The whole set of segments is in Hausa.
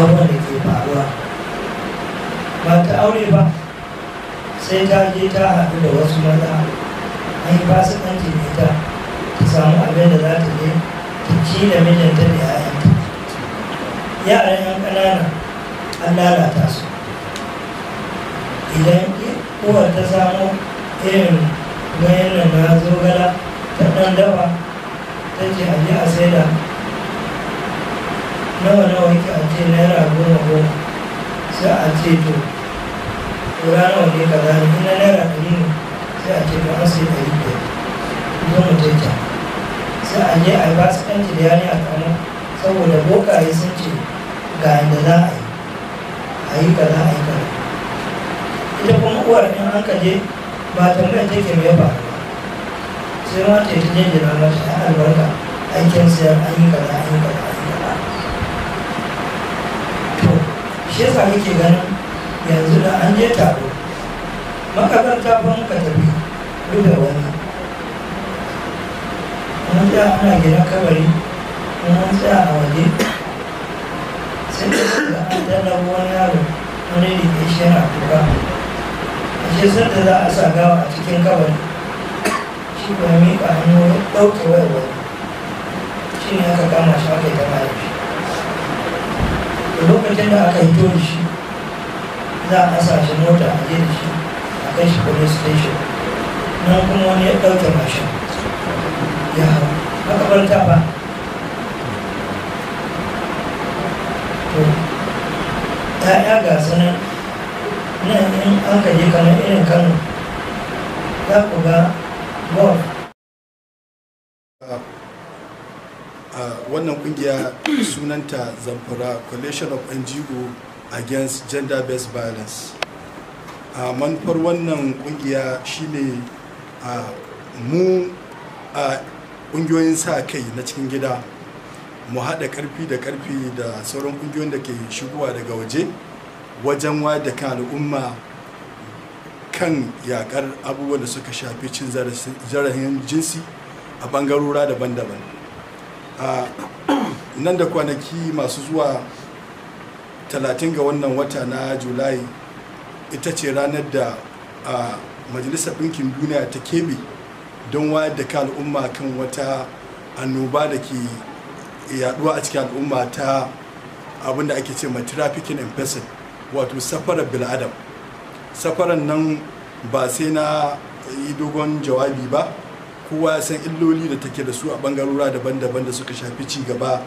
aure da ke faruwa ba ta aure ba sai ta je ta haɗu da wasu maza a yi fasikanci da ta samu abin da za ta je ta ci da mijinta da yayanta yaran yan ƙanana an lalata su idan uwar ta samu irin wayan na zogala ta ɗan dafa ta ce a je a saida nawa nawa yake a ce naira goma goma sai a ce to kura nawa ne ka zane ina naira ɗari ne sai a ce to an sai ɗari biyar don mu ta. sai a je a yi basikanci da yani a kama saboda bokaye sun ce ga yadda za a yi a yi kaza a yi kaza ita kuma uwar ɗin an ka je ba tambayar take me ya faru sai ma ta yi ta ta mata albarka aikin sayar an yi kaza a yi kaza shi yasa muke ganin yanzu da an je taro Makaranta fa muka tafi duk da wani mun ta ana gina kabari mun ta a waje sai da an tana wani yaro wani da ke shi yana kuka a shi da za a sa gawa a cikin kabari shi ba mika hannu ɗauke wayar wani shi ne aka kama shi aka ta mahaifi lokacin da aka hito da shi za a sa shi mota a je da shi a kai shi police station nan kuma wani ya ɗauke mashin ya hau makabarta ba to ya'ya ga sanar nan in an kaje kamar irin kano za ku ga golf kungiya sunanta zamfara coalition of ngo against gender based violence a manufar wannan kungiya shine a mu a kungiyoyin sa kai na cikin gida mu haɗa ƙarfi da ƙarfi da sauran kungiyoyin da ke shigowa daga waje wajen wayar da kan al'umma kan yakar abubuwan da suka shafi cin zarafin jinsi a bangarora daban-daban nan da kwanaki masu zuwa 30 ga wannan wata na julai ita ce ranar da a majalisar ɗinkin duniya ta keɓe don wayar da ka al'umma kan wata annoba da ke yaduwa a cikin al'umma ta abinda ake ce ma trafficking and person wato safarar bil'adam safarar nan ba sai na yi dogon jawabi ba kowa ya san illoli da take da su a ɓangarora daban-daban da suka shafi ci gaba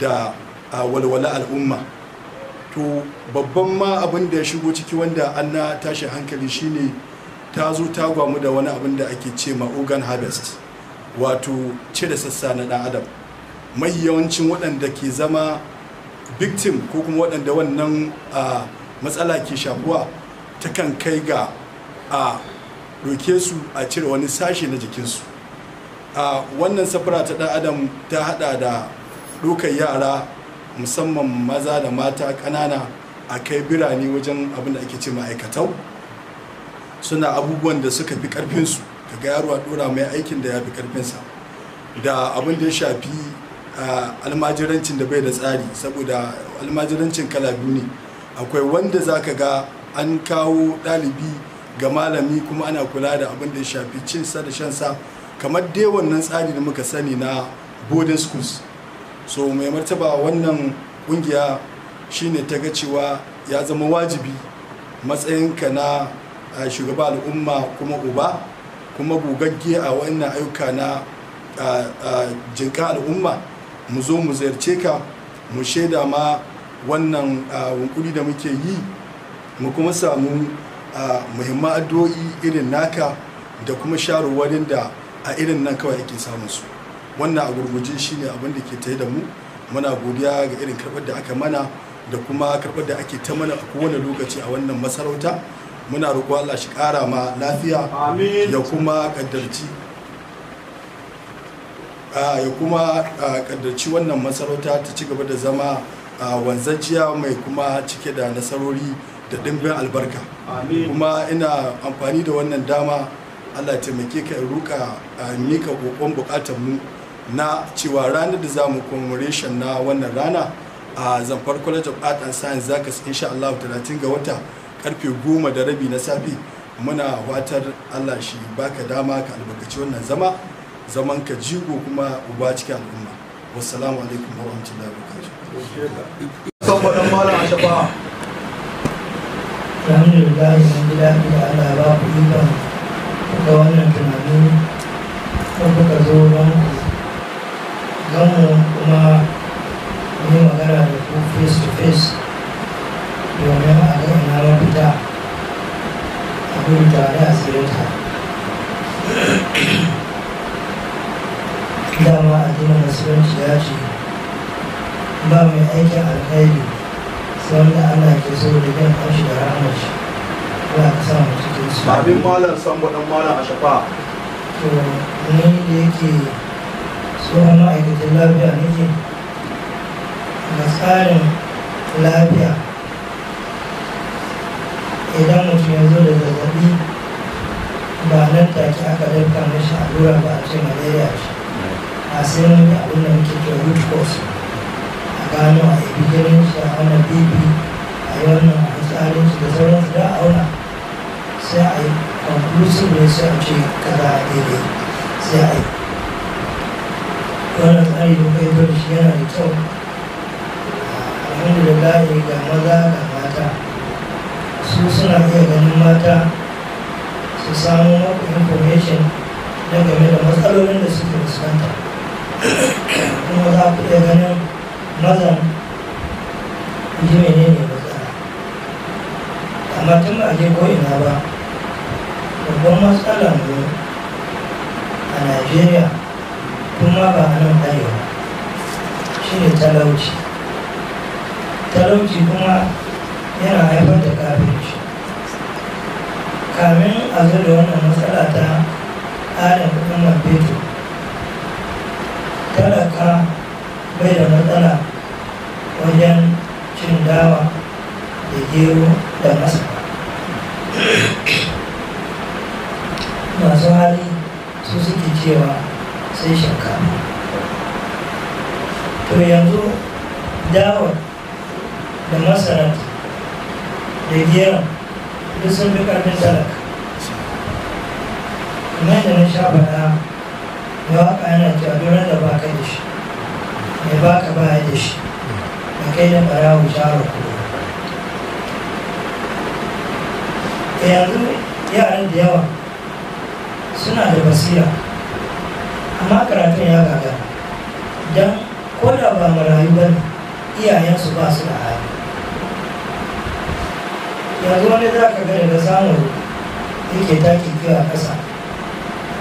da a walwala al'umma to babban ma abin da ya shigo ciki wanda an na tashi hankali shine ta zo ta gwamu da wani abin da ake ce ma organ harvest wato cire sassa na dan adam mai yawancin waɗanda ke zama victim ko kuma waɗanda wannan matsala ke shafuwa ta kan kai ga a roke su a cire wani sashe na jikinsu wannan safara ta ɗan adam ta hada da dukan yara musamman maza da mata kanana a kai birane wajen abin da ake ce ma'aikatau suna abubuwan da suka fi ƙarfinsu ga yaro a ɗora mai aikin da ya fi ƙarfinsa da abin da ya shafi almajirancin da bai da tsari saboda almajirancin kala biyu ne akwai wanda za ka ga an kawo ɗalibi ga malami kuma ana kula da abin da ya shafi cinsa da shansa kamar dai wannan tsari da muka sani na boarding schools so mai martaba wannan kungiya shine ta ga cewa ya zama wajibi matsayinka na shugaba al'umma kuma uba kuma gugagge a wannan ayyuka na jinka al'umma mu zo mu ziyarce ka mu shaida ma wannan wunkuri da muke yi mu kuma samu muhimman addu'o'i irin naka da kuma sharuwarin da a irin nan kawai ake samun su wannan a gurguje shine abin da ke tayi da mu muna godiya ga irin karɓar da aka mana da kuma karɓar da ake ta mana a kowane lokaci a wannan masarauta muna roƙo Allah shi ƙara ma lafiya ya kuma ƙaddarci ya kuma ƙaddarci wannan masarauta ta ci gaba da zama wanzajiya mai kuma cike da nasarori da ɗimbin albarka kuma ina amfani da wannan dama Allah taimake ka in ruka mika ƙoƙon buƙatar mu na cewa ranar da za mu commemoration na wannan rana a zamfar college of art and science za ka insha Allah 30 ga wata karfe 10 da rabi na safe muna watar Allah shi baka dama ka albarkaci wannan zama zaman ka jigo kuma uba cikin al'umma wassalamu alaikum wa rahmatullahi wa barakatuh saboda malam ashafa alhamdulillah mun gida da Allah ba ku yi ba ga wannan tunani kan kuka zo ba. ku Abin malam san waɗan malam a shafa to ni da yake tsohon ma'aikatan lafiya ne ke na tsarin lafiya idan mutum ya zo da zazzabi ba nan take aka ɗauka mashi allura ba a ce malaria shi a sai mun yi abin da muke kira root cause a gano a yi bijirin shi a auna bibi a yi wannan a tsarin shi da sauransu da auna sai a yi conclusive ne sai a ce kada a daidai sai a yi wannan tsari da kai zuwa shi yana da kyau alhamdulillah ga maza ga mata su suna iya ganin mata su samu maku information na game da matsalolin da suke fuskanta kuma za ku iya ganin mazan ji menene matsala amma tun ba a je ko ina ba babban matsalar ne a najeriya kuma ba a nan arewa shine talauci talauci kuma yana haifar da kafinci kamin a zo wannan matsala ta halin kuɗin man yanzu dawa da masarat da gera duk sun fi ƙarfin talaka kuma yadda na sha bada ya waka yana cewa duran da baka da shi mai baka baya da shi da kai da ɓarawo shawar kuma yanzu yaran da yawa suna da basira amma karatun ya gaga don ko da ba marayu ba iyayensu ba su da hali yanzu wani za ka gani da samun yake taki kiwa a ƙasa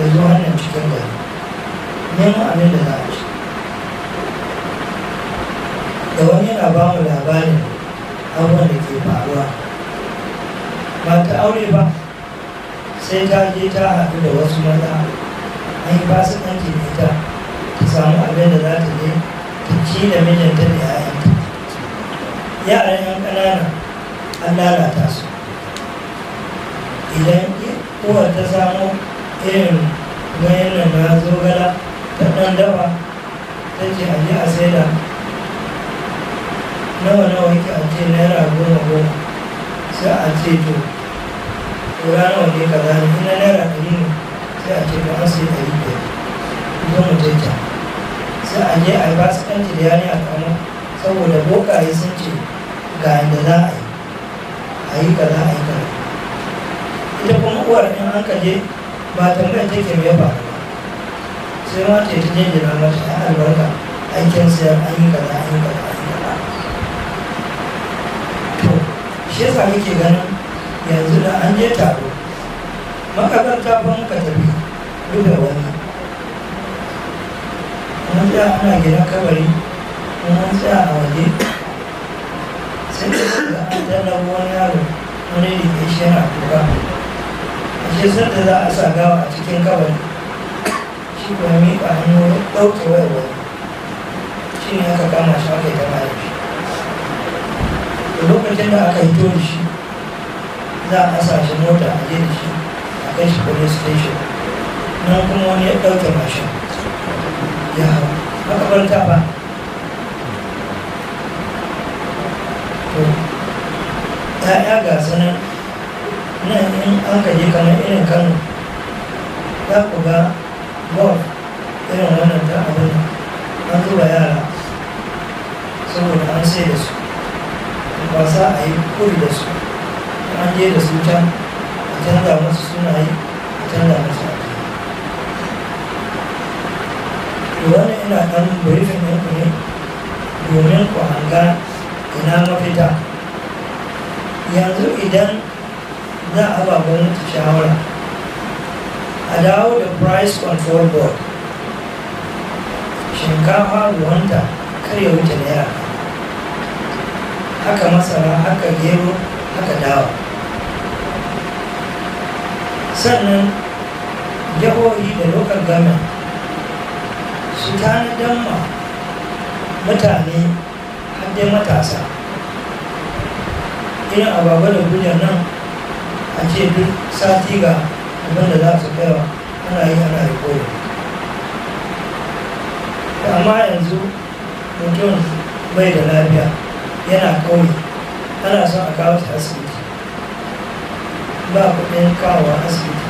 ya zo hannun cikin gari neman abin da za a ci da wani yana ba mu labarin abubuwan da ke faruwa ba ta aure ba sai ta je ta haɗu da wasu maza an yi fasikanci da ita ta samu abin da za ta je shi da mijinta da yayanta yaran yan ƙanana an lalata su idan uwa ta samo irin wayannan na zogala ta ɗan dafa ta ce a je a saida nawa nawa yake a ce naira goma goma sai a ce to kura nawa ne kaza ne ina naira ɗari ne sai a ce ba an sai ɗari biyar zo mu je can sai a je a yi da yari a kamo saboda bokaye sun ce ga yadda za a yi a yi za a yi kaza ita kuma uwar in an ka je ba tambayar take mai ba sai ma ta yi ta jinjina mata ya albarka aikin sayar an yi za a yi za a yi kaza to shi yasa ke ganin yanzu da an je taro makazanta ban muka tafi duk da wani mun da ana gidan kabari mun tsaya a waje sai da an tallafa wani yaro wani da ke shi yana kuka a shi za a sa a cikin kabari shi kuma miƙa ɗauke wayar wani shi ne kama shi aka yi ta mahaifi lokacin da aka hito da shi za a sa mota a da shi a kai shi police station nan kuma wani ya ɗauke ya yara makamanta ba ya'ya ga sanar na in an ka kaje kamar irin kano za ku ga golf irin wannan ta abin an zuba yara saboda an sai da su wasa a yi kuri da su an je da su can a canza masu sunaye a canza masu wannan ina ɗan briefing ɗinku ne domin ku hanga ina mafita yanzu idan za a ba gwamnati shawara a dawo da price control board shinkafa ruwanta kar ya wuce naira haka masara haka gero haka dawa sannan jihohi da local government su tanadan ma mutane dai matasa irin ababa da guda nan a ce duk sati ga abin da za su kaiwa ana yi ana yi koyo amma yanzu mutum bai da lafiya yana kawai ana son a kawo shi asibiti ba kuɗin kawo asibiti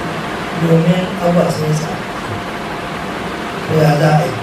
domin abuwa sun sa ya za a yi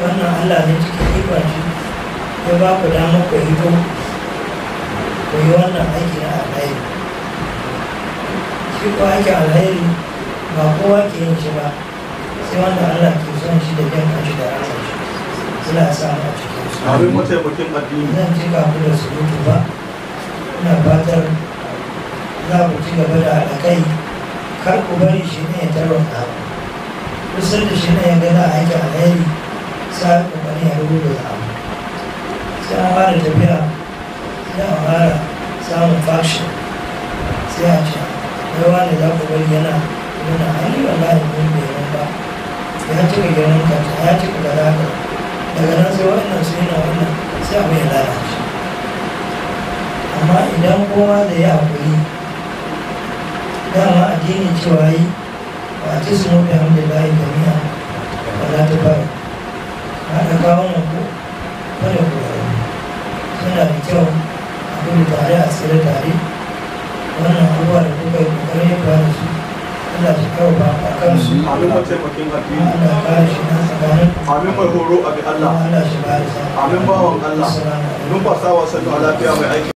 wannan allah ne cikin ikon shi ya ba ku damar ku ko ku yi wannan aiki na alhairi shi ko aiki alhairi ba kowa ke yin shi ba sai wanda allah ke son shi da jan kanshi da rasar shi suna sa a cikin su abin mutum addini zan ci kafin da su mutu ba ina fatar za ku ci gaba da alakai kar ku bari shi ne ya tarwata kusur da shi ne ya a aiki alhairi sa kokari a rubu da za'a sai an fara tafiya sai an fara samun faction sai a ce wai wanda za ku bar yana nuna hali wallahi mun bai nan ba ya cika girman kanta ya cika da zaka daga nan sai wannan su yana wannan sai abu ya lalace amma idan kowa da ya haƙuri dama addini cewa yi addini amin mai horo abin Allah amin bawan Allah numfasawa sannu a lafiya mai aiki